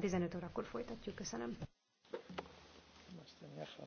15 órakor folytatjuk. Köszönöm.